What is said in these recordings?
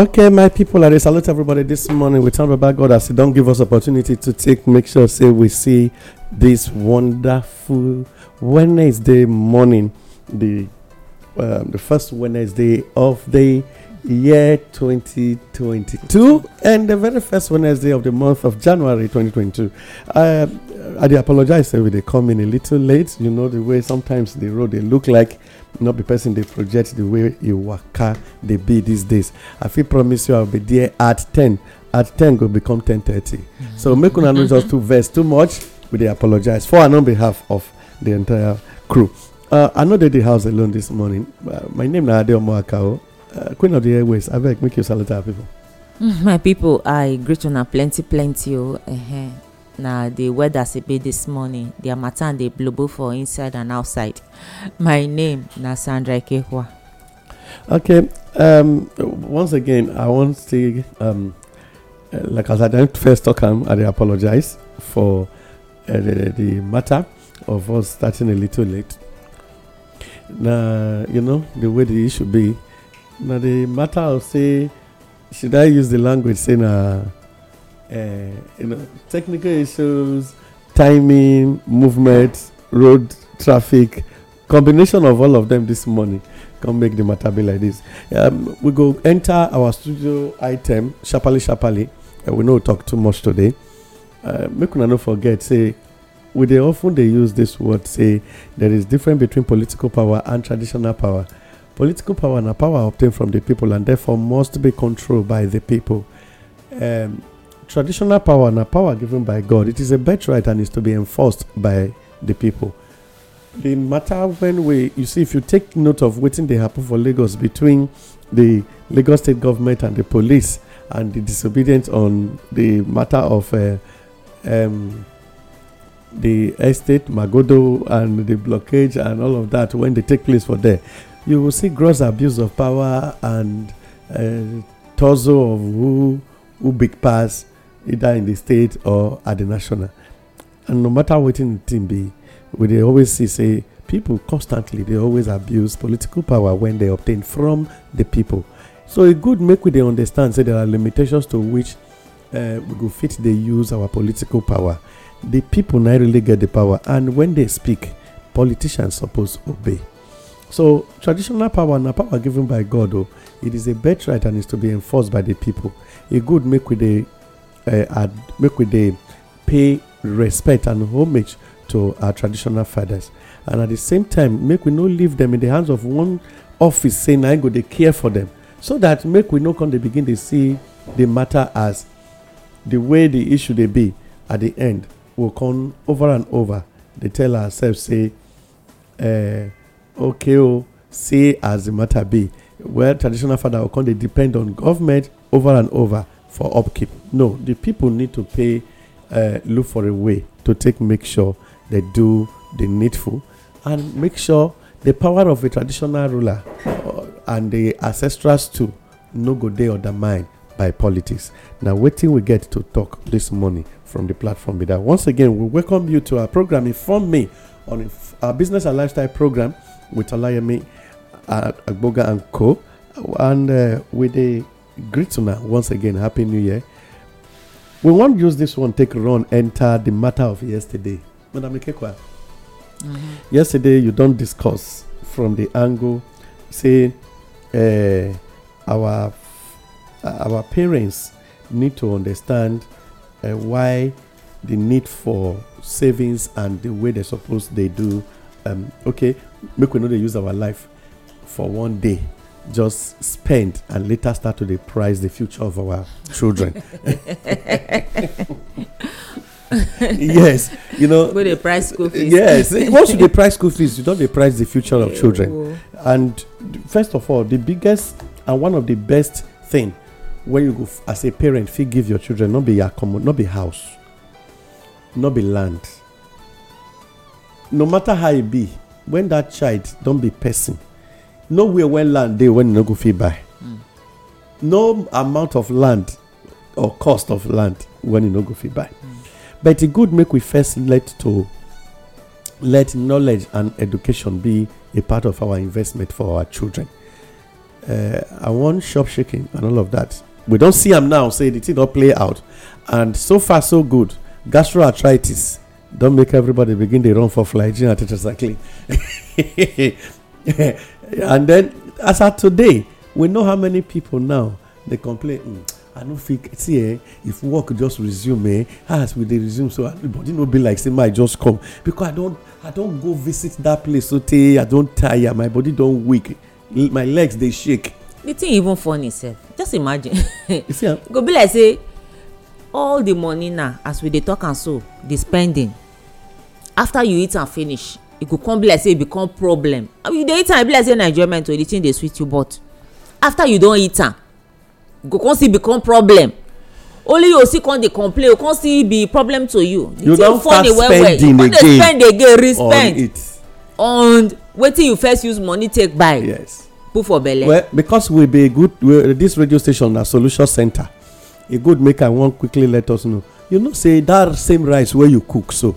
Okay, my people, I salute everybody this morning. We talk about God as He don't give us opportunity to take, make sure, say we see this wonderful Wednesday morning, the um, the first Wednesday of the year 2022 and the very first Wednesday of the month of January 2022. Uh, um, I apologize if they come in a little late. You know the way sometimes the road they look like Not be person they project the way you waka They be these days i feel promise you I'll be there at 10 at 10 will become 10:30 so mm. make una no just too vex too much we dey apologize for and on behalf of the entire crew uh, i know that the house alone this morning uh, my name na adeomo akao uh, queen of the airways abeg make you salute our people. my people i greet una plenty plenty Oh, Uh -huh na the weather e be this morning the harmattan dey both for inside and outside my name na sandra ikehua. okay um, once again i wan say um, like as i don first talk am um, i dey apologize for uh, the, the matter of us starting a little late na you know the way the issue be na the matter of say should i use the language say na. Uh, Eh, you know, technical issues, timing, movement, road traffic, combination of all of them this morning can make the matter be like this. Um, we go enter our studio item, Shapali Shapali. Uh, we no talk too much today. Uh, make una no forget, say, we they often they use this word, say, there is difference between political power and traditional power. Political power and power obtained from the people and therefore must be controlled by the people. Um, traditional power and a power given by God. It is a birthright and is to be enforced by the people. The matter when we you see if you take note of waiting they happen for Lagos between the Lagos state government and the police and the disobedience on the matter of uh, um, the estate Magodo and the blockage and all of that when they take place for there, you will see gross abuse of power and uh, of who who big pass either in the state or at the national. And no matter what in team be, we they always see say people constantly they always abuse political power when they obtain from the people. So it good make we they understand say there are limitations to which uh, we go fit they use our political power. The people not really get the power, and when they speak, politicians suppose obey. So traditional power and power given by God, oh, it is a birthright and is to be enforced by the people. It good make we they uh, make we dey pay respect and homage to our traditional fathers and at the same time make we no leave them in the hands of one office saying I go they care for them so that make we no come they begin to see the matter as the way the issue they be at the end will come over and over they tell ourselves say uh, okay oh, see as the matter be well traditional father go come they depend on government over and over for upkeep. No, the people need to pay, uh, look for a way to take make sure they do the needful and make sure the power of a traditional ruler uh, and the ancestors too no go dey undermined by politics. Now, waiting we get to talk this morning from the platform that once again we welcome you to our program. Inform me on our business and lifestyle program with Alayemi uh, Agboga and Co. And uh, with the greet una once again. Happy New Year. We won't use this one, take a run, enter the matter of yesterday. Madam Ikekwa, mm-hmm. yesterday you don't discuss from the angle, say, uh, our, our parents need to understand uh, why the need for savings and the way they suppose they do. Um, okay, make we know they use our life for one day. just spend and later start to deprive the future of our children. yes, you know. Go the price school fees. Yes, once you they price school fees, you don't they price the future of children. And first of all, the biggest and one of the best thing when you go f- as a parent, fee give your children not be your common, not be house, not be land. No matter how it be, when that child don't be person, nowhere where land dey when you no go fit buy hmm. no amount of land or cost of land when you no go fit buy hmm. but e good make we first let to let knowledge and education be a part of our investment for our children uh, i wan shop shaking and all of that we don see am now say the thing don play out and so far so good gastroarthritis don make everybody begin dey run for fly and tetracycline and then as at today we know how many people now dey complain mm, i no fit see eh if work just resume eh as we dey resume so body no be like say my just come because i don i don go visit that place so tey i don tire my body don weak my legs dey shake. the thing even funny sef just imagine You see, ah, go be like say all the money na as we dey talk am so the spending after you eat am finish e go come be like say e become problem you dey eat am e be like say na enjoyment o the thing dey sweet you but after you don eat am e go come still become problem only you still come dey complain o come still be problem to you you don start spending well, again spend again respend on it on wetin you first use money take buy yes put for belle well because we be good we, this radio station na solution center e good make i wan quickly let us know you know say that same rice wey you cook so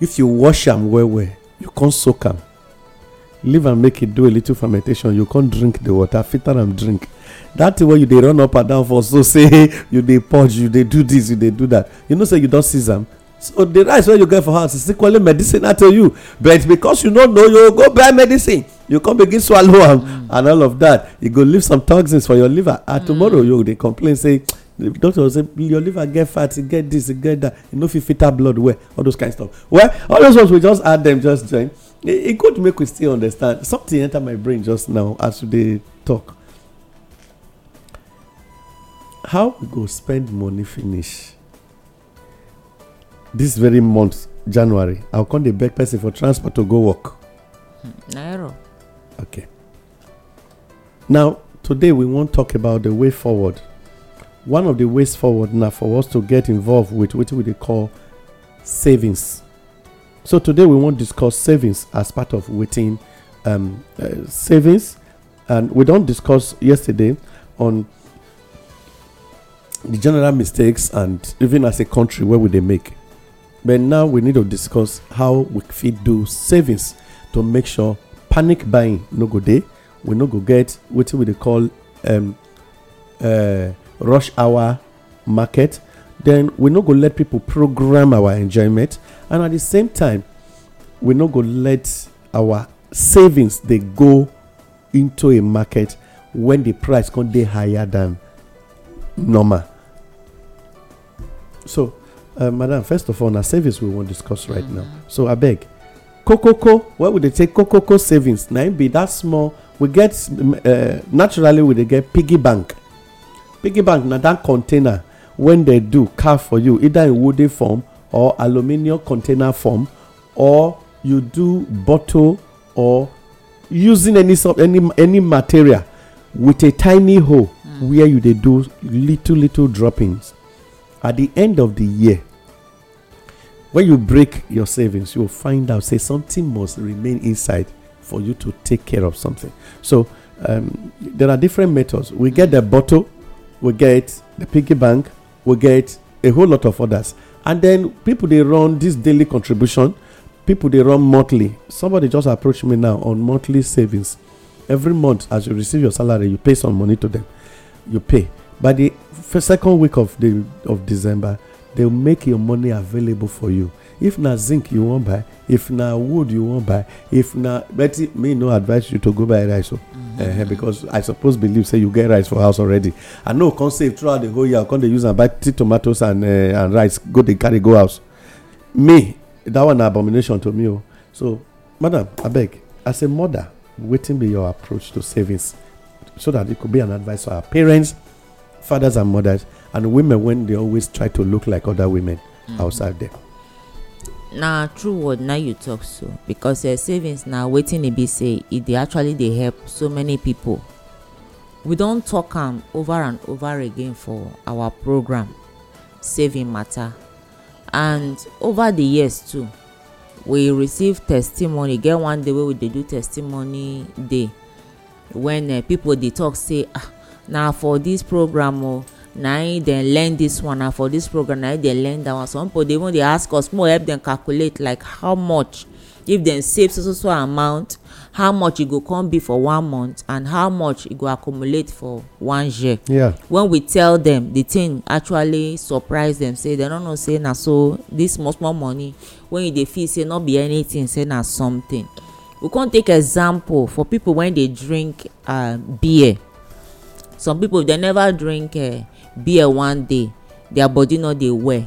if you wash am well well you con soak am leave am make e do a little fermentation you con drink the water filter am drink that thing wey you dey run up and down for so say you dey purge you dey do this you dey do that you know say you don seize am so the rice wey you get for house is equally medicinal to you but because you no know you go buy medicine you come begin swallow am mm. and all of that e go leave some toxins for your liver and mm. tomorrow you dey complain say the doctor say your liver get fat get this get that you no fit filter blood well all those kind of stuff well all those ones we just add them just join e, e good make we still understand something enter my brain just now as we dey talk how we go spend money finish this very month january i come dey beg person for transport to go work naira okay now today we wan talk about the way forward one of the ways forward now for us to get involved with what we call savings. So today we won't discuss savings as part of waiting um, uh, savings, and we don't discuss yesterday on the general mistakes and even as a country where would they make. But now we need to discuss how we fit do savings to make sure panic buying no go day. We no go get what we they call um, uh, rush hour market then we no go let people program our enjoyment and at the same time we no go let our savings dey go into a market when the price come dey higher than normal so uh, madam first of all na savings we wan discuss right now mm. so abeg kokoko where we dey take kokoko savings na im be that small we get uh, naturally we dey get piggy bank piggy bank na that container wey dem do carve for you either in wooden form or aluminium container form or you do bottle or using any any any material with a tiny hole hmm. where you dey do little little droppings at the end of the year when you break your savings you find out say something must remain inside for you to take care of something so um, there are different methods we get the bottle we get the piggy bank we get a whole lot of others and then people they run this daily contribution people they run monthly somebody just approached me now on monthly savings every month as you receive your salary you pay some money to them you pay by the second week of the of december they make your money available for you if na zinc you wan buy if na wood you wan buy if na but me no advise you to go buy rice o mm. because i suppose believe say you get rice for house already i know come save throughout the whole year Con come dey use am buy tea tomatoes and eh, and rice go dey carry go house me that one na abomination to me o so madam abeg as a mother wetin be your approach to savings so that it could be an advice for our parents fathers and mothers and women when they always try to look like other women mm. outside there na true word na you talk so because uh, savings na wetin e be say e dey actually dey help so many people we don talk am over and over again for our program saving matter and over the years too we receive testimony e get one day wey we dey do testimony day when uh, people dey talk say ah na for this program o. Oh, na im dem learn this one and for this program na im dem learn that one some people dey even dey ask us make we help dem calculate like how much if dem save so so so amount how much e go come be for one month and how much e go accumulate for one year. Yeah. when we tell dem the thing actually surprise dem say dem no know say na so this small small money wey you dey feel say no be anything say na something we come take example for people wey dey drink uh, beer some people dem never drink uh, beer one day their body no dey well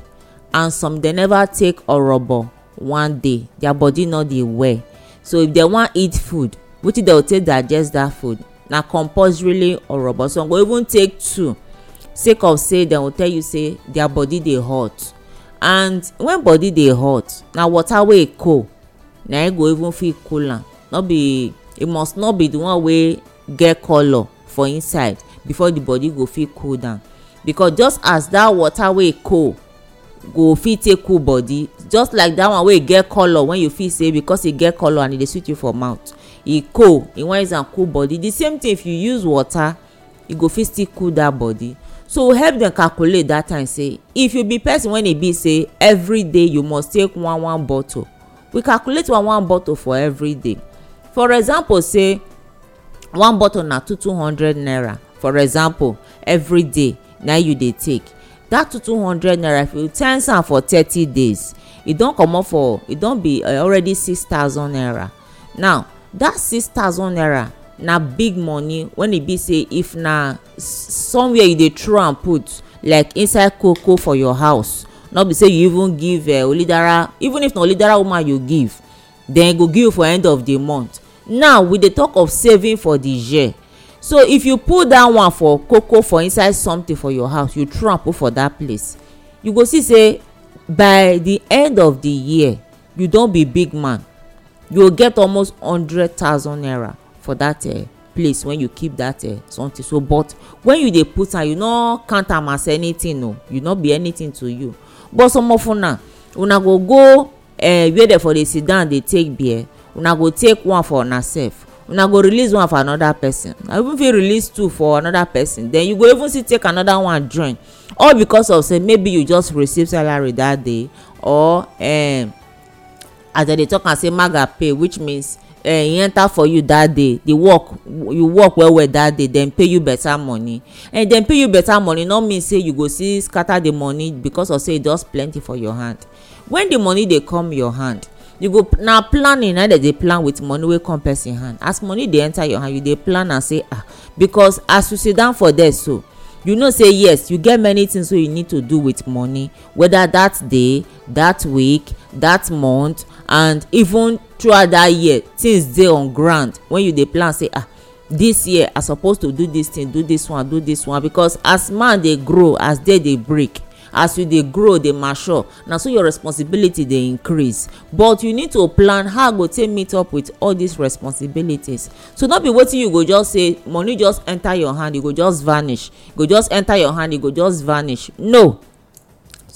and some dey never take orobo one day their body no dey well so if dem wan eat food wetin dem go take digest that food na compulsorily orobo some go even take two sake of say dem go tell you say their body dey hot and when body dey hot na water wey e cold na e go even fit cool am no be e must not be the one wey get colour for inside before the body go fit cool down because just as that water wey e cold go fit take cool body just like that one wey e get color when you feel say because e get color and e dey sweet you for mouth e cold e wan use am cool body the same thing if you use water e go fit still cool that body so help dem calculate that time say if you be person wey e be say every day you must take one one bottle we calculate one one bottle for every day for example say one bottle na two two hundred naira for example every day na you dey take that two two hundred naira if you times am for thirty days e don comot for e don be uh, already six thousand naira now that six thousand naira na big money when e be say if na somewhere you dey throw am put like inside cocoa for your house no be say you even give uh, olidara even if na olidara woman you give dem e go give you for end of the month now we dey talk of saving for the year so if you put that one for cocoa for inside something for your house you throw am put for that place you go see say by the end of the year you don be big man you go get almost hundred thousand naira for that uh, place when you keep that uh, something so but when you dey put am you no count am as anything o oh. you no be anything to you but some of una una go go uh, where dem for dey sit down dey take beer una go take one for una sef una go release one for another person i even fit release two for another person then you go even see take another one join all because of say maybe you just receive salary that day or um, as dem dey talk am say maga pay which means uh, e enter for you that day the work you work well well that day dem pay you better money and dem pay you better money no mean say you go see scatter the money because of say e just plenty for your hand when the money dey come your hand you go na planning na dem dey plan with money wey come person hand as money dey enter your hand you dey plan am say ah because as you sit down for there so you know say yes you get many things wey you need to do with money whether that day that week that month and even throughout that year things dey on ground when you dey plan say ah this year i suppose to do this thing do this one do this one because as man dey grow as day dey break as you dey grow dey mature na so your responsibility dey increase but you need to plan how go take meet up with all these responsibilities so no be wetin you go just say money just enter your hand e go just vanish e go just enter your hand e go just vanish no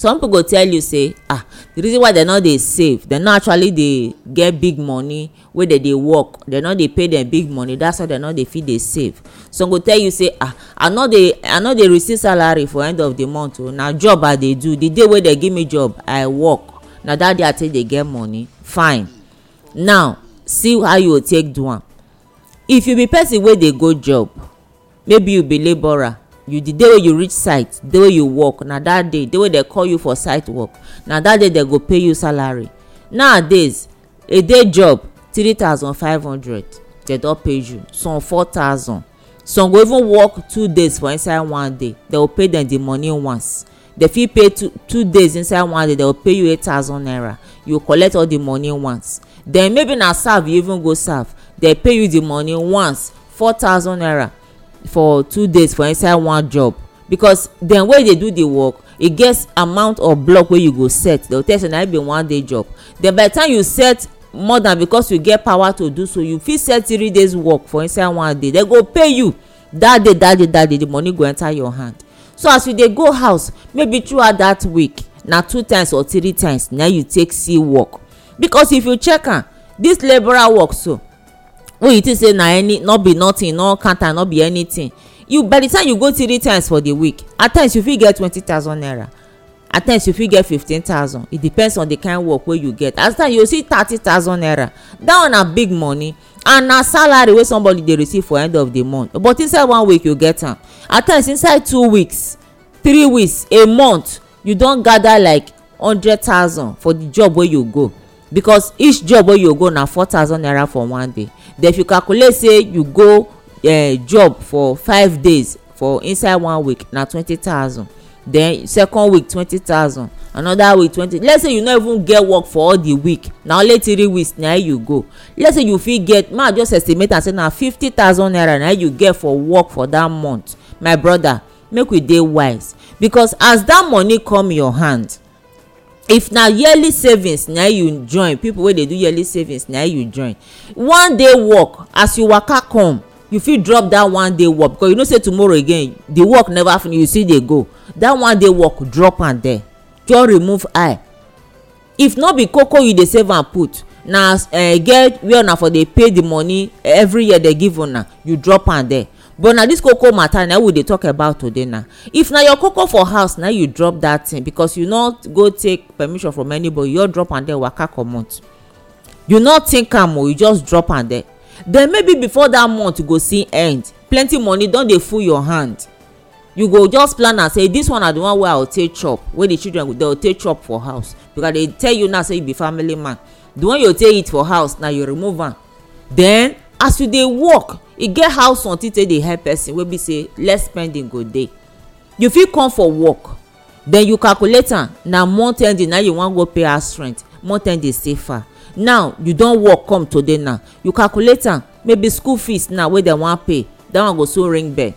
some people go tell you say ah the reason why they no dey save they no actually dey get big money wey they dey work they no dey pay them big money that's why they no dey fit dey save some go tell you say ah i no dey i no dey receive salary for end of the month o oh, na job i dey do the day wey they give me job i work na that day i take dey get money fine now see how you go take do am if you be person wey dey go job maybe you be labourer you the day wey you reach site the way you work na that day the way they call you for site work na that day they go pay you salary nowadays a day job three thousand five hundred they don pay you some four thousand some go even work two days for inside one day they go pay them the money once they fit pay two two days inside one day they go pay you eight thousand naira you collect all the money once then maybe na serve you even go serve they pay you the money once four thousand naira for two days for inside one job because dem wey dey do the work e get amount of block wey you go set dem go tell you say na be one day job then by the time you set more than because you get power to do so you fit set three days work for inside one day dem go pay you that day that day that day the money go enter your hand so as you dey go house maybe throughout that week na two times or three times na you take see work because if you check am this labourer work so wey you think say na any no be nothing no count am no be anything you by the time you go three times for the week at times you fit get twenty thousand naira at times you fit get fifteen thousand it depends on the kind work wey you get at times you see thirty thousand naira that one na big money and na salary wey somebody dey receive for end of the month but inside one week you get am at times inside two weeks three weeks a month you don gather like hundred thousand for the job wey you go because each job wey you go na four thousand naira for one day then if you calculate say you go uh, job for five days for inside one week na twenty thousand then second week twenty thousand another week twenty let's say you no even get work for all the week na only three weeks na you go let's say you fit get ma just estimate am say na fifty thousand naira na you get for work for that month my brother make we dey wise because as that money come your hand if na yearly savings na you join people wey dey do yearly savings na you join one day work as you waka come you fit drop that one day work because you know say tomorrow again the work never finish you still dey go that one day work drop am there just remove eye if no be koko you dey save am put na uh, get where una for dey pay the money every year dey give una you drop am there but na this cocoa matter na we dey talk about today na if na your cocoa for house na you drop that thing because you no go take permission from anybody you just drop am there waka comot you no think am o you just drop am there then maybe before that month you go see end plenty money don dey full your hand you go just plan am say this one na the one wey i go take chop wey the children go dey go take chop for house because they tell you now say you be family man the one you take eat for house na you remove am then as you dey work e get how something take dey help person wey be say less spending go dey you fit come for work then you calculate am na month ending na you wan go pay house rent month ending safer. now you don work come today now you calculate am maybe school fees now wey dem wan pay that one go soon ring bell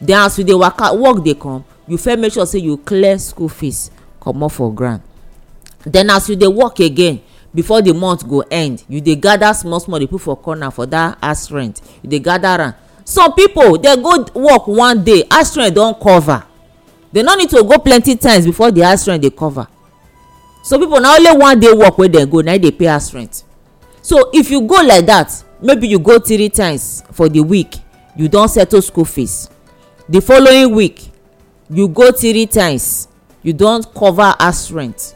then as you dey waka work dey come you fit make sure say you clear school fees comot for ground then as you dey work again before the month go end you dey gather small small dey put for corner for that house rent you dey gather am some people dey go work one day house rent don cover they no need to go plenty times before the house rent dey cover so people na only one day work wey dem go na dey pay house rent so if you go like that maybe you go three times for the week you don settle school fees the following week you go three times you don cover house rent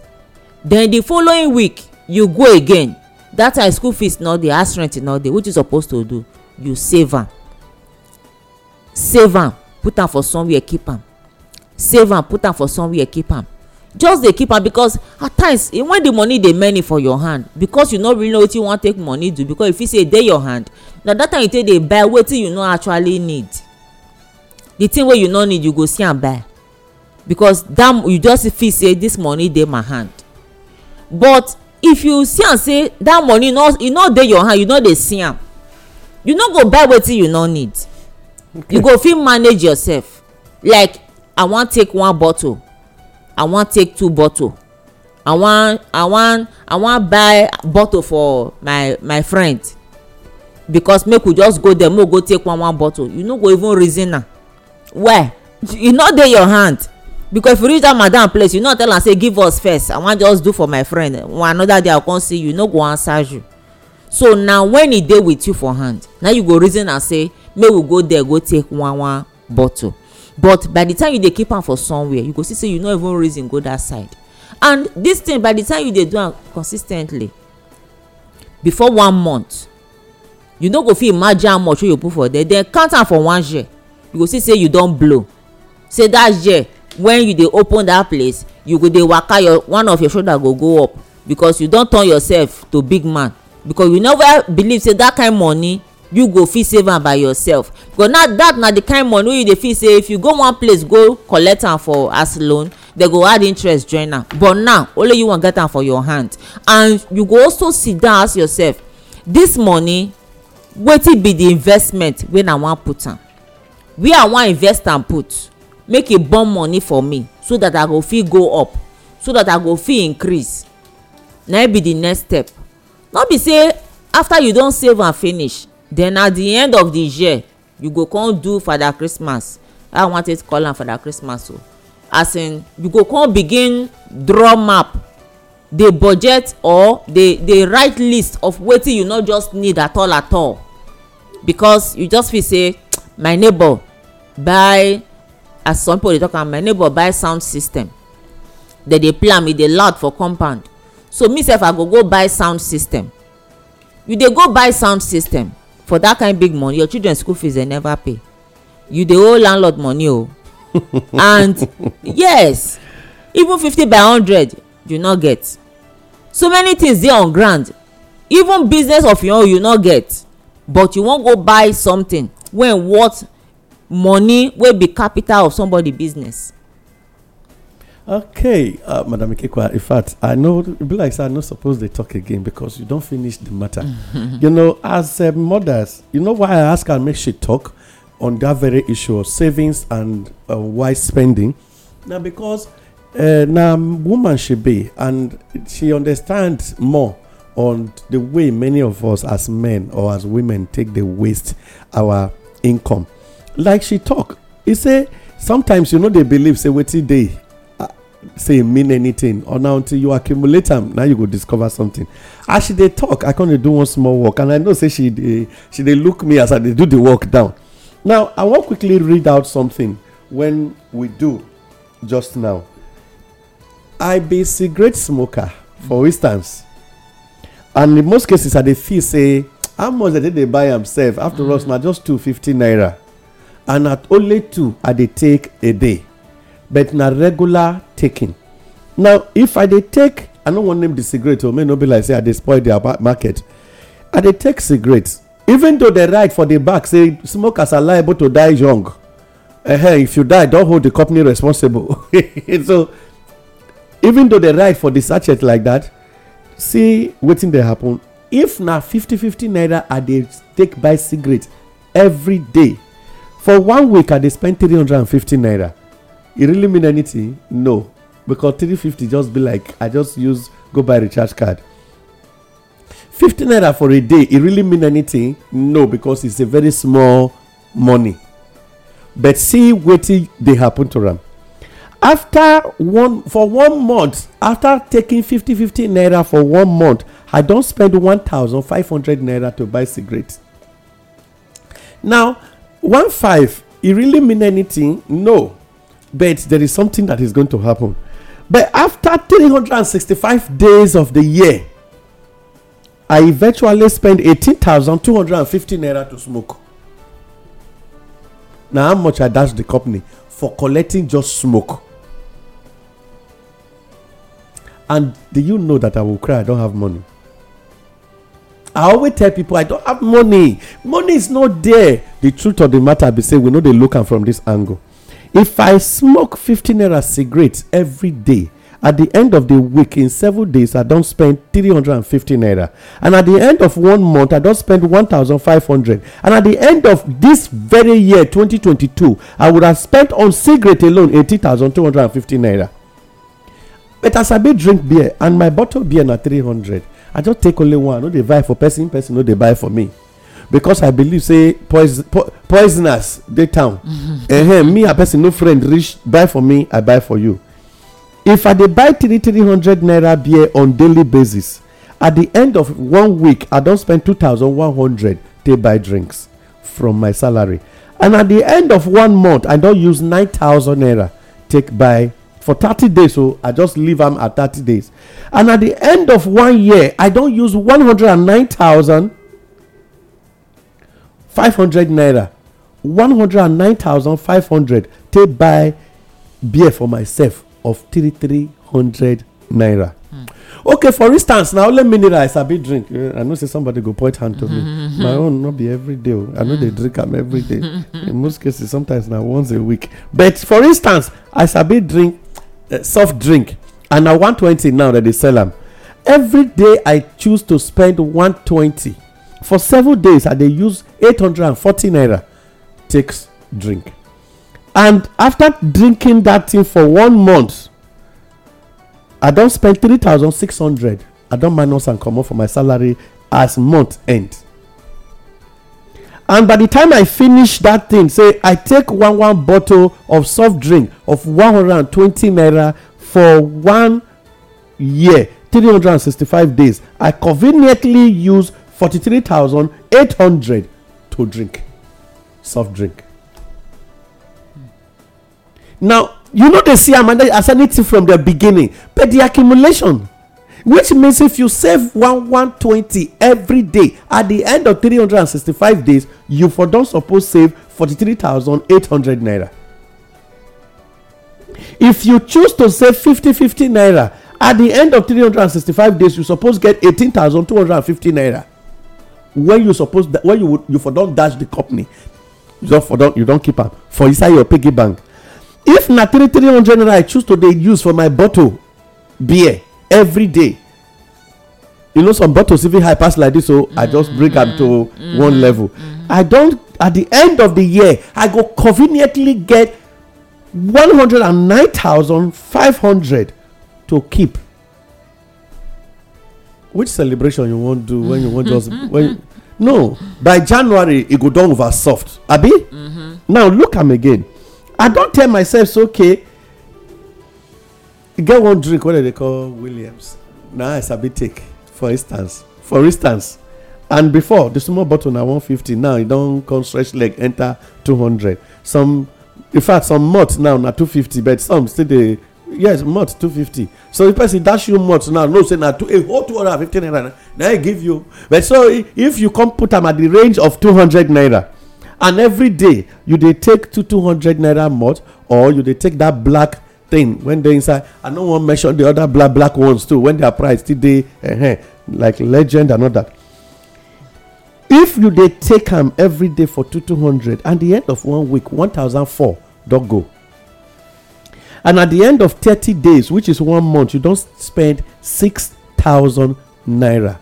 then the following week you go again that time school fees no dey house rent no dey which you suppose to do you save am save am put am for somewhere keep am save am put am for somewhere keep am just dey keep am because at times eh, when the money dey many for your hand because you no really know wetin you wan take money do because you feel say e dey your hand na that time you take dey buy wetin you no actually need the thing wey you no need you go see am buy because that you just feel say this money dey my hand but if you see am say that money e no dey your hand you no dey see am you no go buy wetin you no need you go fit manage yourself like i wan take one bottle i wan take two bottle i wan i wan i wan buy bottle for my my friend because make we just go there make we go take one one bottle you no go even reason am why e no dey your hand because if you reach that madam place you no tell am say give us first i wan just do for my friend One another day i come see you no go answer you so na when e dey with you for hand na you go reason am say make we go there go take one one bottle but by the time you dey keep am for somewhere you go see say you no even reason go that side and this thing by the time you dey do am consis ten tly before one month you no go fit imagine how much wey you put for there then count am for one year you go see say you don blow say that year when you dey open that place you go dey waka your one of your shoulder go go up because you don turn yourself to big man because you never believe say that kind money you go fit save am by yourself because now that na the kind money wey you dey feel say if you go one place go collect am for as loan they go add interest join am but now only you wan get am for your hand and you go also sit down ask yourself this money wetin be the investment wey i wan put am where i wan invest am put make e born money for me so that i go fit go up so that i go fit increase na e be the next step no be say after you don save am finish then at the end of the year you go come do father christmas i wan take call am father christmas o so. as in you go come begin draw map dey budget or dey dey write list of wetin you no just need at all at all because you just feel say my neighbor buy as some people dey talk am ah, my neighbor buy sound system dem dey play am e dey loud for compound so me sef i go go buy sound system you dey go buy sound system for that kind big money your children school fees dey never pay you dey owe landlord money o oh. and yes even fifty by hundred you no get so many things dey on ground even business of your own you no get but you wan go buy something wey worth money wey be capital of somebody business okay uh, madam ikekwa in fact i know be like say i no suppose dey talk again because you don finish the matter you know as um, mothers you know why i ask her make she talk on that very issue of savings and uh, wise spending na because uh, na woman she be and she understand more on the way many of us as men or as women take dey waste our income like she talk e say sometimes you no dey believe say wetin dey uh, say mean anything or now until you accumulate am now you go discover something as she dey talk i come dey do one small work and i know say she dey she dey look me as i dey do the work down now i wan quickly read out something when we do just now i be cigarette smoker for mm. instance and in most cases i dey feel say how much dem dey buy am sef after all mm. na just two fifty naira and at only two i dey take a day but na regular taking now if i dey take i no wan name the cigarette o oh, make no be like say i dey spoil their market i dey take cigarettes, even though they write for the back say smokers are liable to die young uh -huh, if you die don hold the company responsible so even though they write for the sachet like that see wetin dey happen if na 50 50 naira i dey take buy cigarettes every day for one week i just spend 350 naira It really mean anything no because 350 just be like i just use go buy recharge card 50 naira for a day It really mean anything no because it's a very small money but see wetin they happen to am after one for one month after taking 50 50 naira for one month i don't spend 1500 naira to buy cigarettes. now one five it really mean anything no but there is something that is going to happen but after three hundred and sixty-five days of the year i eventually spend eighteen thousand two hundred and 18250 naira to smoke na how much i dash the company for collecting just smoke and do you know that i will cry i don't have money i always tell people i don't have money money is not there the truth of the matter be say we no dey look am from this angle if i smoke 50 naira cigarette every day at the end of the week in several days i don spend three hundred and 350 naira and at the end of one month i don spend one thousand five hundred. and at the end of this very year twenty twenty-two, i would have spent on cigarette alone eighty thousand two hundred and 18250 naira but i sabi drink beer and my bottle beer na hundred i just take only one i no dey buy for person person no dey buy for me because i believe say poisonous. dey town -huh, mm-hmm. me and person no friend reach buy for me i buy for you if i dey buy three three hundred naira beer on daily basis at the end of one week i don spend two thousand one hundred to buy drinks from my salary and at the end of one month i don use nine thousand naira take buy for 30 days so i just leave am at 30 days and at the end of one year i don use 109000 500 naira 109500 take buy beer for myself of 3300 naira hmm. okay for instance na only mineral i sabi drink eh, i know say somebody go point hand to me my own no be day o oh. i no dey drink am day in most cases sometimes na once a week but for instance i sabi drink soft drink and na 120 now dem dey sell am every day i choose to spend 120 for several days i dey use 840 naira take drink and after drinking that thing for one month i don spend 3600 i don minus am comot for my salary as month end and by the time i finish that thing say i take one one bottle of soft drink of one hundred twenty naira for one year three hundred sixty-five days i conveniently use forty-three thousand eight hundred to drink soft drink now you no dey see am as anything from the beginning but the accumulation which means if you save one one twenty every day at the end of three hundred and sixty-five days you for don suppose save forty-three thousand eight hundred naira if you choose to save fifty fifty naira at the end of three hundred and sixty-five days you suppose get eighteen thousand two hundred and fifty naira when you suppose that, when you would, you for don dash the company you don for don you don keep am for inside your piggy bank if na three three hundred naira i choose to dey use for my bottle beer every day you know some bottles even high pass like this o i just mm, bring am to mm, one mm, level i don't. at the end of the year i go conveniently get one hundred and nine thousand five hundred to keep which celebration you wan do when you wan just when no by january e go don over soft abi mm-hmm. now look am again i don tell myself say okay e get one drink wey dem dey call williams na i sabi take for instance for instance and before the small bottle na one fifty. now e don come stretch leg enter two hundred. some in fact some malt now na two fifty. but some still dey yes two fifty. so if person dash you malt now know say na a whole two hundred 250 naira na e give you but so if you come put am at the range of two hundred naira and every day you dey take two two hundred naira malt or you dey take that black thing when they inside i no wan mention the other black black ones too when their price still dey uh, like legend and all that if you dey take am every day for two two hundred at the end of one week one thousand four don go and at the end of thirty days which is one month you don spend six thousand naira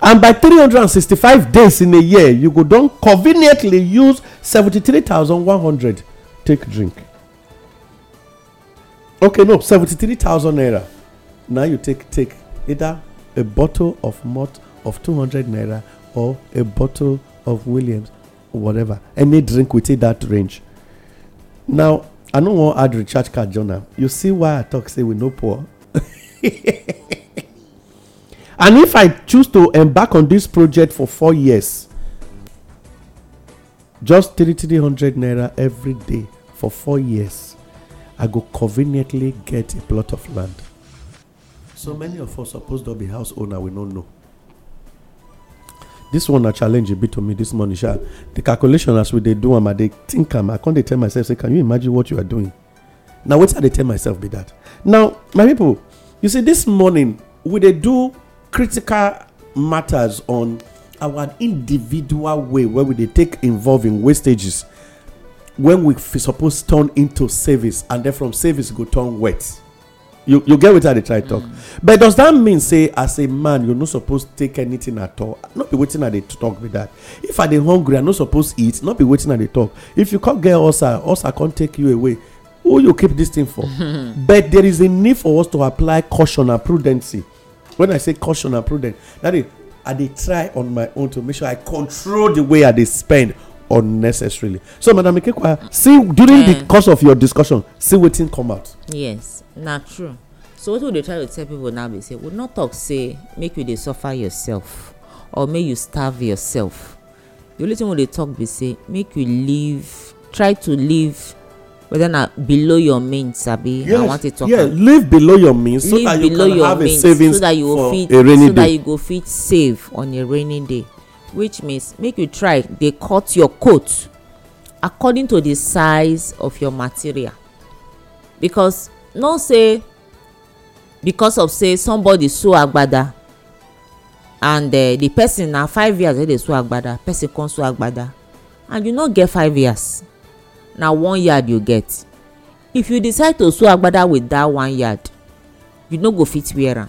and by three hundred and sixty-five days in a year you go don conveniently use seventy-three thousand one hundred take drink okay no seventy-three thousand naira now you take take either a bottle of malt of two hundred naira or a bottle of williams or whatever any drink within that range now i no wan add recharge card journal you see why i talk say we no poor and if i choose to embark on this project for four years just three three hundred naira every day for four years I go conveniently get a plot of land. So many of us supposed to be house owner, we don't know. This one a challenge a bit to me this morning, sha. The calculation as we they do am, I they think I'm. I can't they tell myself, say, can you imagine what you are doing? Now what I they tell myself be that. Now, my people, you see, this morning we they do critical matters on our individual way where we they take involving wastages when we suppose turn into service and then from service go turn wet you you get wetin i dey try talk mm. but does that mean say as a man you no suppose take anything at all no be wetin i dey talk be that if i dey hungry i no suppose eat no be wetin i dey talk if you come get ulcer ulcer come take you away who you keep this thing for but there is a need for us to apply caution and prudency when i say caution and prudence that is i dey try on my own to make sure i control the way i dey spend unnecessarily so madam ikekwa uh, see during the eh. course of your discussion see what thing come out. yes not true so what we dey try to tell people now be say we not talk say make you dey suffer yourself or may you starve yourself the only thing we dey talk be say make you live try to live but then na below your means sabi yes, i want to talk Yeah, yes live below your means so live that you can have a savings so for a rainy so day so that you go fit save on a rainy day which means make you try dey cut your coat according to the size of your material because no say because of say somebody sew agbada and uh, the person na five years wey dey sew agbada person come sew agbada and you no get five years na one yard you get if you decide to sew agbada with that one yard you no go fit wear am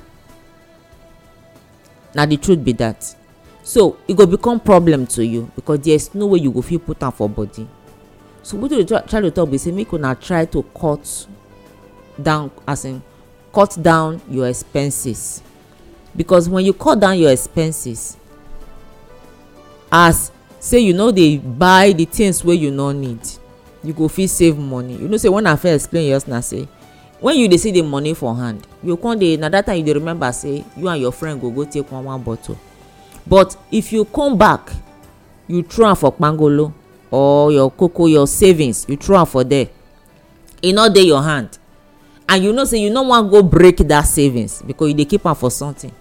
na the truth be that so e go become problem to you because there is no way you go fit put am for body so wetin we try, try to talk be say make una try to cut down as in cut down your expenses because when you cut down your expenses as say you no dey buy the things wey you no need you go fit save money you know say when i first explain yes na say when you dey see the money for hand you come dey na that time you dey remember say you and your friend go go take one one bottle but if you come back you throw am for kpangolo or your koko your savings you throw am for there e no dey your hand and you know say you no wan go break that savings because you dey keep am for something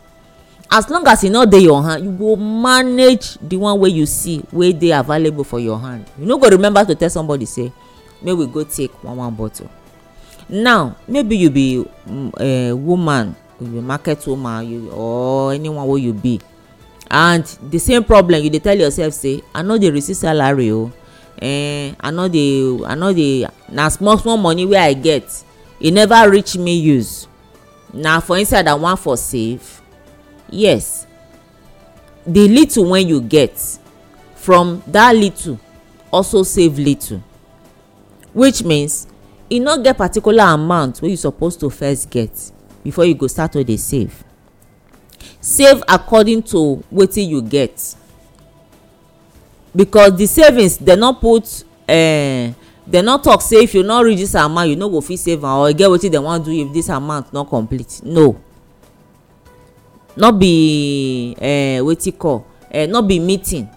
as long as e no dey your hand you go manage the one wey you see wey dey available for your hand you no go remember to tell somebody say make we go take one one bottle now maybe you be um, mm, a eh, woman you be market woman you, or anyone wey you be and the same problem you dey tell yourself say i no dey receive salary o eh i no dey i no dey na small small money wey i get e never reach me use na for inside i wan for save yes the little wey you get from that little also save little which means e no get particular amount wey you suppose to first get before you go start to dey save save according to wetin you get because the savings dem no put uh, eh, dem no talk say if you no reach this amount you no go fit save am or e get wetin dem wan do if this amount no complete no no be uh, wetin call uh, no be meeting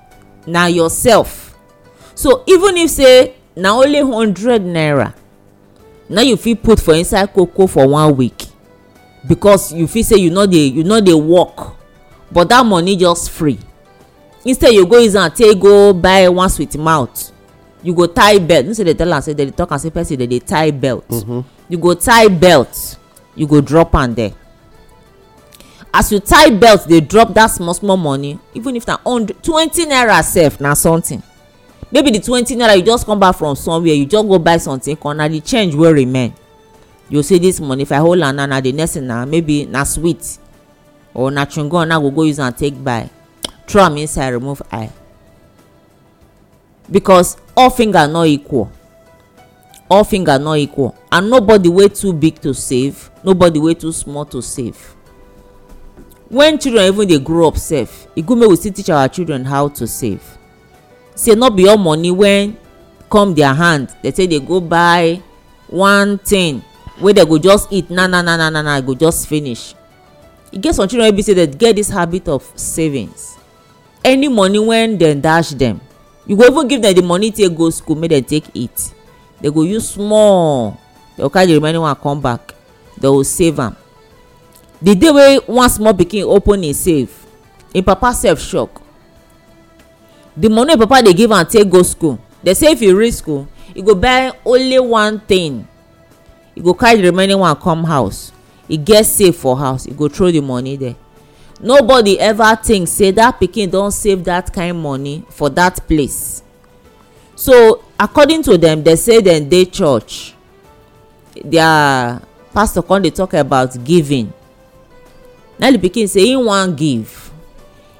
na yourself so even if say na only hundred naira na you fit put for inside cocoa for one week because you feel say you no dey you no dey work but that money just free instead you go use am take go buy one sweet mouth you go tie belt you know say they tell am say they dey talk am say person dey dey tie belt mm-hmm. you go tie belt you go drop am there as you tie belt dey drop that small small money even if na twenty naira sef na something maybe the twenty naira you just come back from somewhere you just go buy something con na the change wey remain you see this money if i hold am now na the next thing na maybe na sweet or na chewing gum na go go use am take buy throw am inside remove eye because all finger no equal all finger no equal and nobody wey too big to save nobody wey too small to save when children even dey grow up sef e good make we still teach our children how to save say no be all money wey come their hand dey say dey go buy one thing wey dem go just eat na na na na na na e go just finish e get some children wey be say dem get this habit of savings any money wen dem dash dem you go even give dem the money take go school make dem take eat dem go use small dem go carry the remaining one come back dem go save am the day wey one small pikin open him e safe him e papa sef shock the money papa dey give am take go school dey say if he reach school he go buy only one thing e go carry the remaining one come house e get safe for house e go throw the money there nobody ever think say that pikin don save that kind money for that place so according to them they say dem dey church their pastor come dey talk about giving Now the pikin say he wan give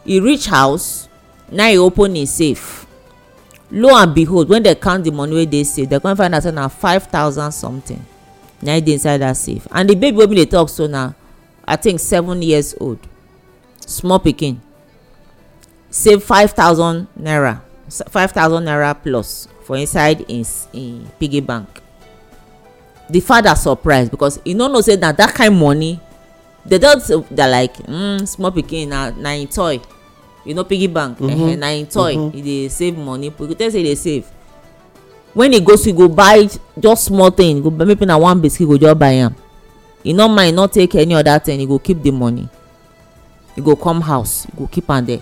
He reach house Now he open e safe lo and behold when they count the money wey dey safe dem come find out say na five thousand something na dey inside that safe and the baby wey we dey talk so na i think seven years old small pikin save five thousand naira five thousand naira plus for inside im im piggy bank the father surprise because e no know say na that kind money the adults they like mm, small pikin na na im toy you know piggy bank mm -hmm. eh, na im toy e mm -hmm. dey save money but you tell say e dey save when e go so e go buy just small thing go maybe na one biscuit go just buy am e no mind no take any other thing e go keep the money e go come house e go keep am there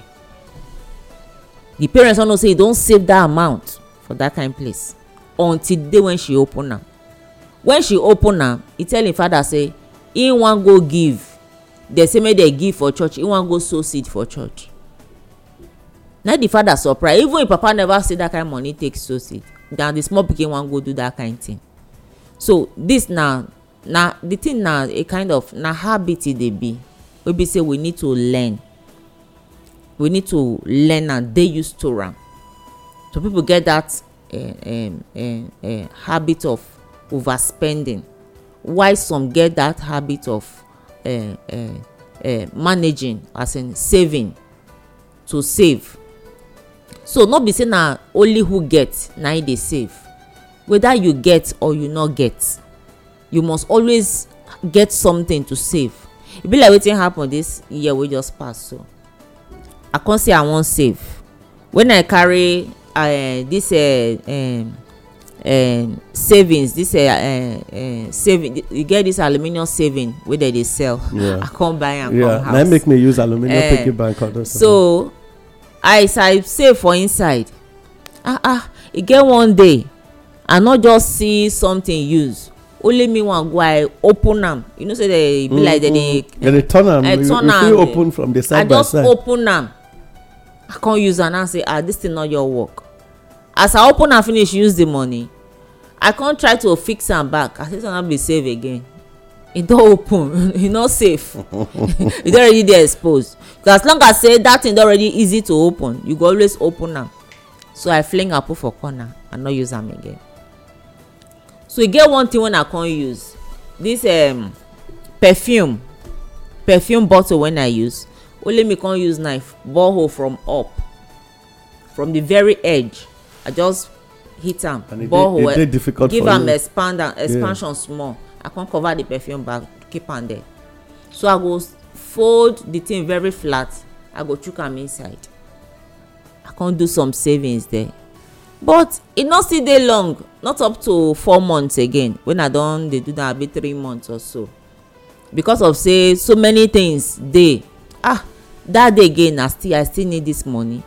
the parents don know say e don save that amount for that kind place until the day when she open am when she open am he tell im father say he wan go give dey say make dey give for church He wan go sow seed for church na the father surprise even im papa never see that kind money take sow seed na the small pikin wan go do that kind thing so this na na the thing na a kind of na habit e dey be wey be say we need to learn we need to learn am dey used to am So people get that uh, um, uh, uh, habit of overspending Why some get that habit of uh, uh, uh, managing as in saving to save so no be say na only who get na him dey save whether you get or you no get you must always get something to save e be like wetin happen this year wey just pass so i come say i wan save when i carry uh, this uh, um, um, savings this uh, uh, saving you get this aluminium saving wey dem dey sell yeah. i come buy am yeah. come house yeah na make me use aluminium uh, piggy bank or something so as i say for inside ah ah e get one day i no just see something use only me wan go i open am you know say they e be mm, like they dey dem mm-hmm. dey turn am i eh, turn am you fit open from the side by side i just open am i come use am now say ah this thing no your work as i open am finish use the money i come try to fix am back i say so na be save again e don open e no safe e don already dey exposed because as long as say that thing don already easy to open you go always open am so i fling am put for corner i no use am again so e get one thing wey i con use this um, perfume perfume bottle wey i use only me con use knife borehole from up from the very edge i just hit am e e borehole give am expand expansion small i come cover the perfume bag keep am there so i go fold the thing very flat i go chook am inside i come do some savings there but e no still dey long not up to four months again when i don dey do that abi three months or so because of say so many things dey ah that day again I still i still need this money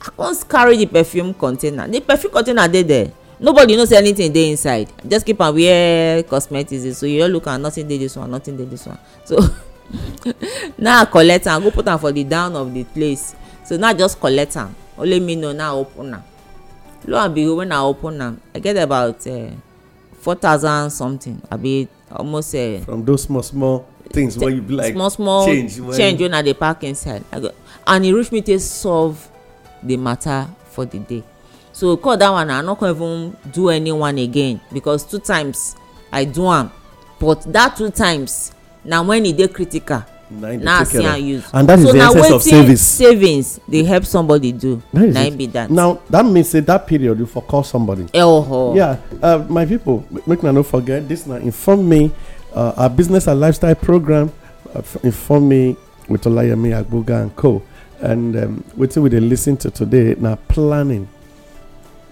i come carry the perfume container the perfume container dey there nobody knows anything dey inside just keep am where cosmetics is so you just look am nothing dey this one nothing dey this one so now i collect am go put am for the down of the place so now i just collect am only me know now i open am lo and behold when i open am i get about uh, four thousand something I be almost. Uh, from those small small things wey you be like small small change change when i dey pack inside i go and e reach me take solve the matter for the day so call that one i no come even do any one again because two times i do am but that two times na when e dey critical na i see am use and that so is the essence of savings so na wetin savings dey help somebody do na im be that. now that mean say that period you for call somebody. elho yeah uh, my people make una no forget this na inform me uh, our business and lifestyle program uh, inform me with olayemi agboga and co and um, wetin we dey lis ten to today na planning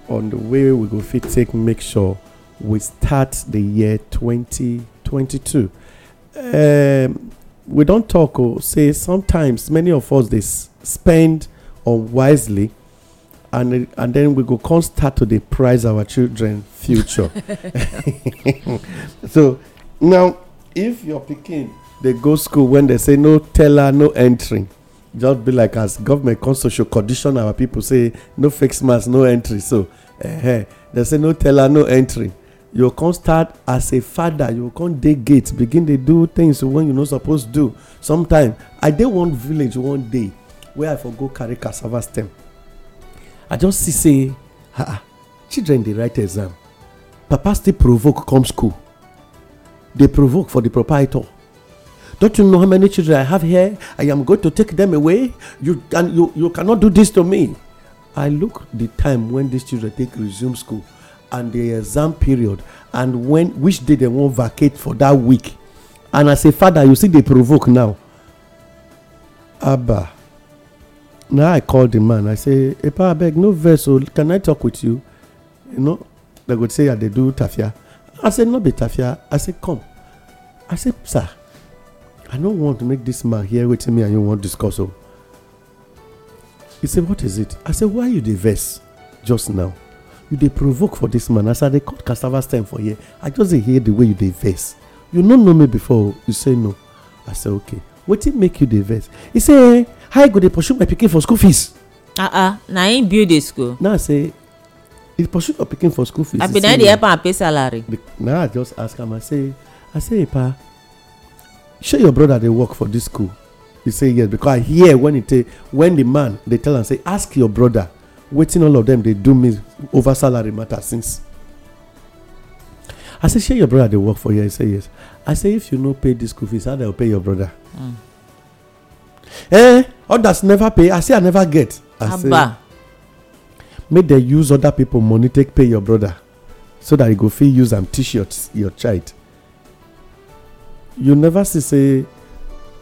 on the way we go fit take make sure we start the year 2022 um, we don't talk or oh, say sometimes many of us they spend unwisely and and then we go come start to dey our children future so now if your picking, they go school when they say no teller no entering just be like as government come social condition our people say no fake mask no entry so uh, dem say no teller no entry you come start as a father you come dey gate begin dey do things wey you no suppose do sometimes i dey one village one day wey i for go carry cassava stem i just see say ah children dey write exam papa still provoke come school dey provoke for the proprietor Don't you know how many children I have here? I am going to take them away. You, and you, you cannot do this to me. I look the time when these children take resume school and the exam period and when which day they won't vacate for that week. And as a father, you see they provoke now. Abba. Now I call the man. I say, Epa beg no vessel. Oh. can I talk with you? You know, they would say yeah, they do tafia. I said, no be tafia. I said, come. I said, sir, I don't want to make this man here waiting me and you want discuss. Oh. He said, What is it? I said, Why you the verse just now? You they provoke for this man. As I they cut cassava stem for here. I just hear the way you the verse. You don't know me before. Oh. You say no. I said, Okay. What it make you the verse? He said, How you go they pursue my picking for school fees? Uh uh. Now I build the school. Now I say, He pursue your picking for school fees. I been there help and pay salary. now I just ask him, I say, I say, Pa, shey your brother dey work for dis school he say yes because i hear when he tell wen the man dey tell am say ask your brother wetin all of dem dey do me over salary matter since i say shey your brother dey work for here he say yes i say if you no pay dis school fees how dem go pay your brother hmm. eh others never pay i say i never get i say make they use other people money take pay your brother so that you go fit use am teach your your child you never see say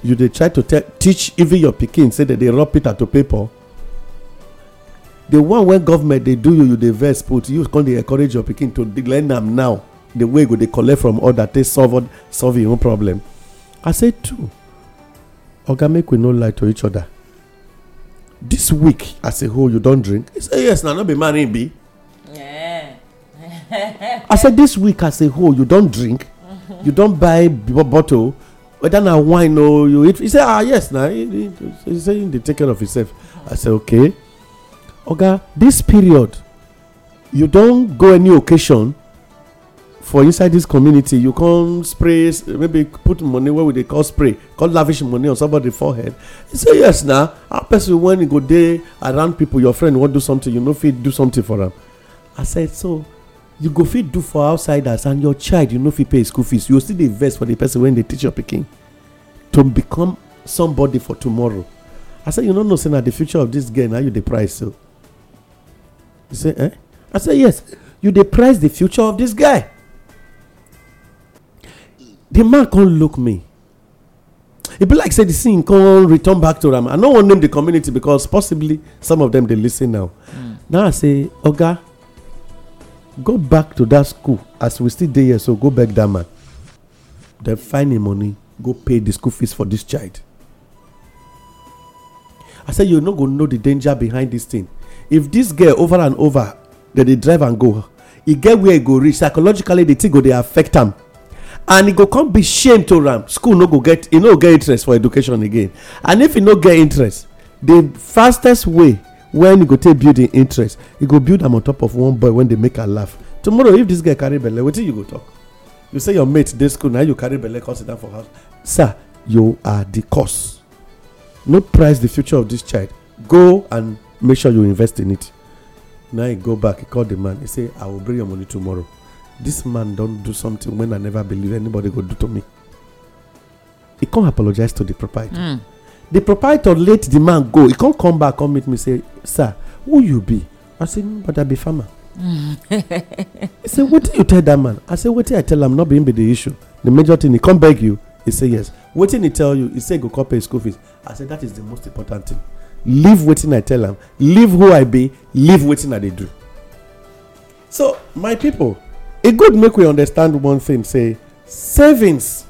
you dey try to te teach even your pikin say dem dey rub peter to paper the one wey government dey do you you dey vex put you come dey encourage your pikin to learn am now the way e go dey collect from other take solve solve your e own problem i say true oga make we no lie to each other this week as a whole you don drink he say yes na no be man im be i say this week as a whole you don drink you don buy bottle whether na wine or you eat he say ah yes na he say he dey take care of himself i say okay oga this period you don go any occasion for inside this community you come spray maybe put money wey we dey call spray call lavish money on somebody forehead he say yes na how person when he go dey around people your friend wan do something you no fit do something for am i said so you go fit do for outsiders and your child you no fit pay school fees you still dey vex for the person wey dey teach your pikin to become somebody for tomorrow i say you no know say na the future of this girl na you dey price so you say eh i say yes you dey price the future of this guy the man come look me e be like say the scene come return back to am i no wan name the community because possibly some of them dey listen now hmm. now i say oga go back to that school as we still dey here so go beg that man Then find him money go pay the school fees for this child i say you no go know the danger behind this thing if this girl over and over dem dey drive and go e get where e go reach psychologically di thing go dey affect am and e go come be shame to am school no go get e no get interest for education again and if e no get interest the fastest way When e go take build im interest e go build am on top of one boy wen dey make am laugh tomorrow if this guy carry belle wetin you go talk you say your mate dey school na you carry belle come sit down for house sir you are the cause no price the future of this child go and make sure you invest in it now he go back he call the man he say i will bring your money tomorrow this man don do something wey i never believe anybody go do to me he come apologize to the proprietor hmm the proprietor let the man go He come come back come meet me say sir who you be i say mm, but i be farmer mm. he say wetin you tell dat man i say wetin i tell am not be him be the issue the major thing he come beg you he say yes wetin he tell you he say go come pay school fees i say that is the most important thing leave wetin i tell am leave who i be leave wetin i dey do so my people e good make we understand one thing say savings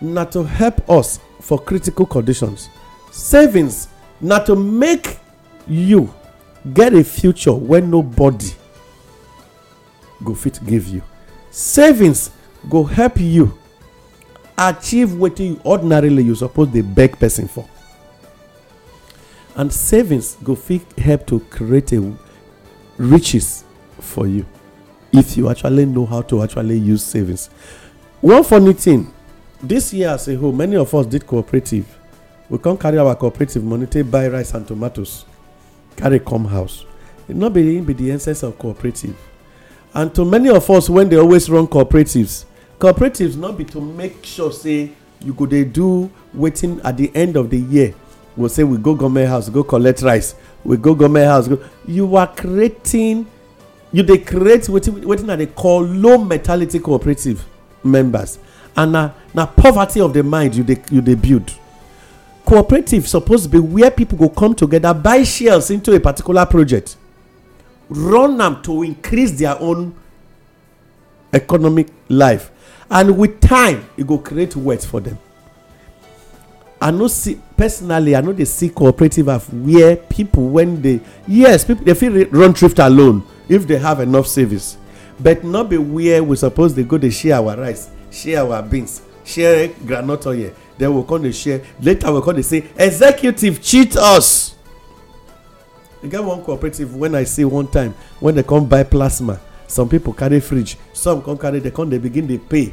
na to help us for critical conditions savings na to make you get a future wey nobody go fit give you savings go help you achieve wetin you ordinarily you suppose dey beg person for and savings go fit help to create a riches for you if you actually know how to actually use savings one funny thing this year as a whole many of us did cooperative we come carry our cooperative money take buy rice and tomatoes carry come house it no be be the essence of cooperative and to many of us when dey always run cooperatives cooperatives no be to make sure say you go dey do wetin at the end of the year go say we go government house go collect rice we go government house go you are creating you dey create wetin wetin i dey call low mentality cooperative members and na na poverty of the mind you dey you dey build cooperative suppose be where people go come together buy shares into a particular project run am to increase their own economic life and with time e go create wealth for them i no see personally i no dey see cooperative as where people when they yes people dey fit run thrift alone if they have enough savings but no be where we suppose dey go dey share our rice share our beans share groundnut oil then we'll come to share later we'll come to say executive cheat us You get one cooperative when i say one time when they come buy plasma some people carry fridge some come carry They come They begin to pay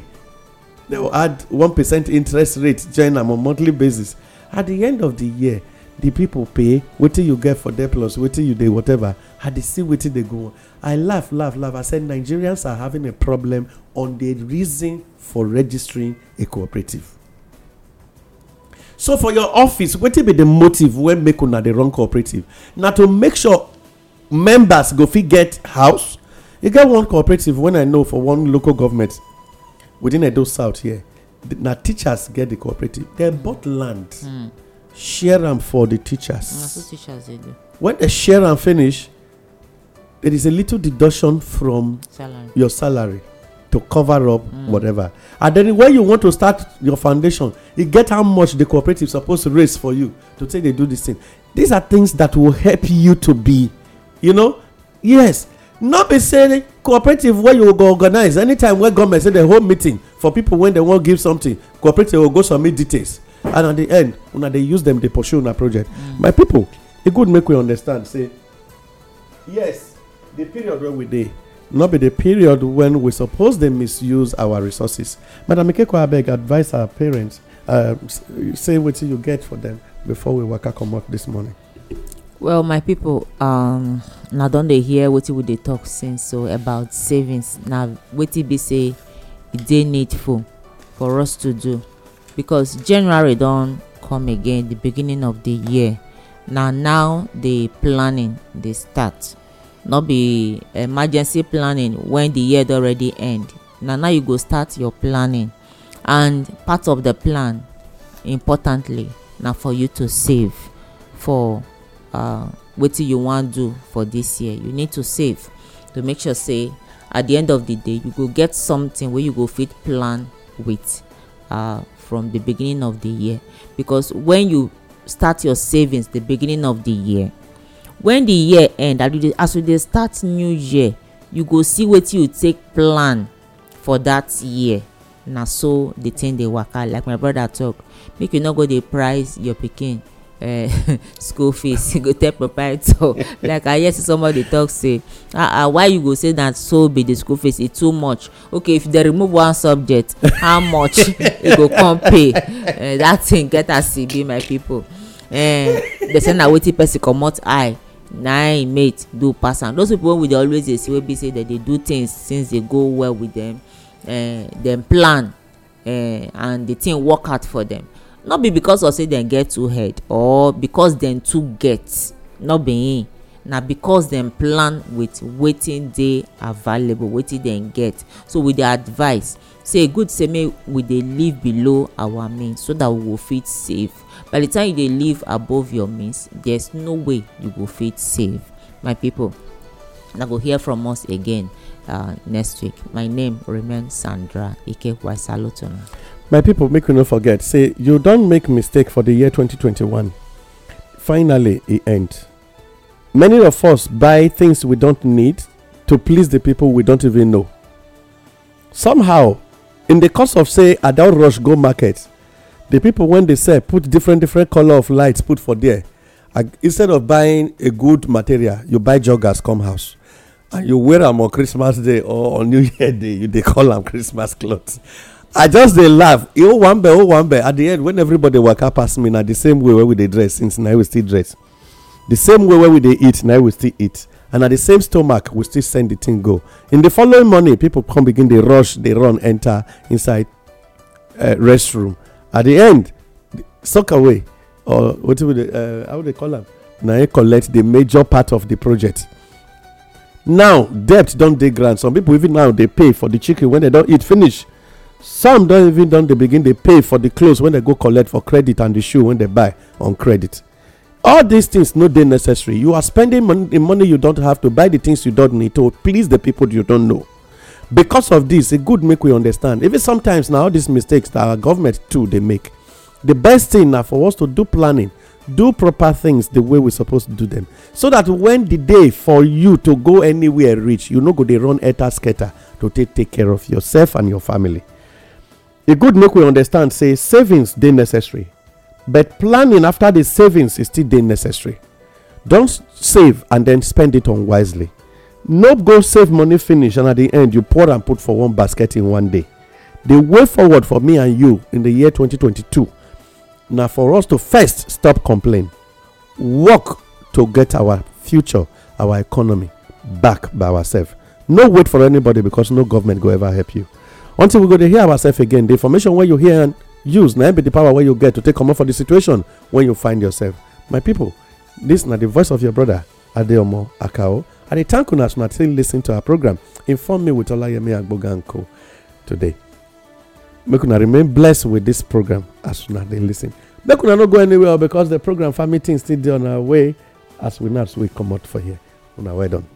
They will add one percent interest rate join am on monthly basis at the end of the year the people pay wetin you get for there plus wetin you dey whatever i dey see wetin dey go on i laugh laugh laugh i say nigerians are having a problem on the reason for registering a cooperative so for your office wetin be the motive wey make una dey run cooperative na to make sure members go fit get house e get one cooperative wey i know for one local government within edo south here na teachers get the cooperative dem bought land hmm. share am for the teachers when dem share am finish there is a little deduction from your salary to cover up mm. whatever and then when you want to start your foundation you get how much the cooperative supposed to raise for you to say they do this thing these are things that will help you to be you know yes not be say cooperative wey you go organize anytime wey government say dem hold meeting for people wey dem wan give something cooperative go go submit details and at the end una dey use dem dey pursue una project mm. my people e good make we understand say yes the period wey we dey not be the period when we suppose they misuse our resources. Madam Ikeko Abeg advise our parents uh, say wetin you get for them before we come comot this morning. well my people um, na don dey hear what we they talk since so about savings na wetin be say they dey needful for us to do because january don't come again the beginning of the year Now, now the planning They start no be emergency planning when the year don already end na now you go start your planning and part of the plan importantly na for you to save for uh, wetin you wan do for this year you need to save to make sure say at the end of the day you go get something wey you go fit plan with uh, from the beginning of the year because when you start your savings the beginning of the year when the year end as you dey start new year you go see wetin you take plan for that year na so the thing dey waka like my brother talk make you no go dey price your pikin uh, school fees you go tell proprietor like i hear say somebody talk say ah ah why you go say that so be the school fees e too much okay if they remove one subject how much you go come pay uh, that thing get as e be my people uh, eh, dey say na wetin person comot eye Nine im mate do pass am those people wey we dey always dey see wey be say dem dey do things since dey go well with dem uh, plan uh, and the thing work out for dem no be because of say dem get two head or because dem too get no be im na because dem plan with wetin dey available wetin dem get so we dey advice, say e good say make we dey live below our means so that we go fit save by the time you dey live above your means there's no way you go fit save my people una go hear from us again uh, next week my name remain sandra ikekwasalotona. my people make we no forget say you don make mistake for the year 2021 finally e end. Many of us buy things we don't need to please the people we don't even know. Somehow, in the course of say Adult Rush Go Market, the people when they say put different different color of lights put for there, instead of buying a good material, you buy joggers come house. And you wear them on Christmas Day or on New Year Day, you they call them Christmas clothes. I just they laugh. Oh one bear, oh one bear. At the end, when everybody walk up past me, now the same way where we they dress since now we still dress the same way where we they eat now we still eat and at the same stomach we still send the thing go in the following morning people come begin they rush they run enter inside eh, restroom at the end suck away or wetin they dey eh, how would they call them. Now e collect the major part of the project now debt don't they grant? some people even now they pay for the chicken when they don't eat finish some don't even don't they begin they pay for the clothes when they go collect for credit and the shoe when they buy on credit all these things no dey necessary you are spending money money you don't have to buy the things you don't need to please the people you don't know because of this e good make we understand even sometimes na all these mistakes that our government too dey make the best thing na for us to do planning do proper things the way we suppose do them so that when the day for you to go anywhere reach you no go dey run etta scatter to take take care of yourself and your family e good make we understand say savings dey necessary but planning after the savings is still necessary. Don't save and then spend it unwisely. No go save money finish and at the end you pour and put for one basket in one day. The way forward for me and you in the year 2022 now for us to first stop complaining, work to get our future, our economy back by ourselves. No wait for anybody because no government will ever help you. Until we go to hear ourselves again, the information where you hear and use na be the power where you get to take command for the situation when you find yourself my people. Listen, na the voice of your brother adeomo akao And dey thank una as una to our program inform me with olayemi agboganko today make una remain blessed with this program as soon as they listen. make una no go anywhere because the program family things still on our way as we now we come out for here our way done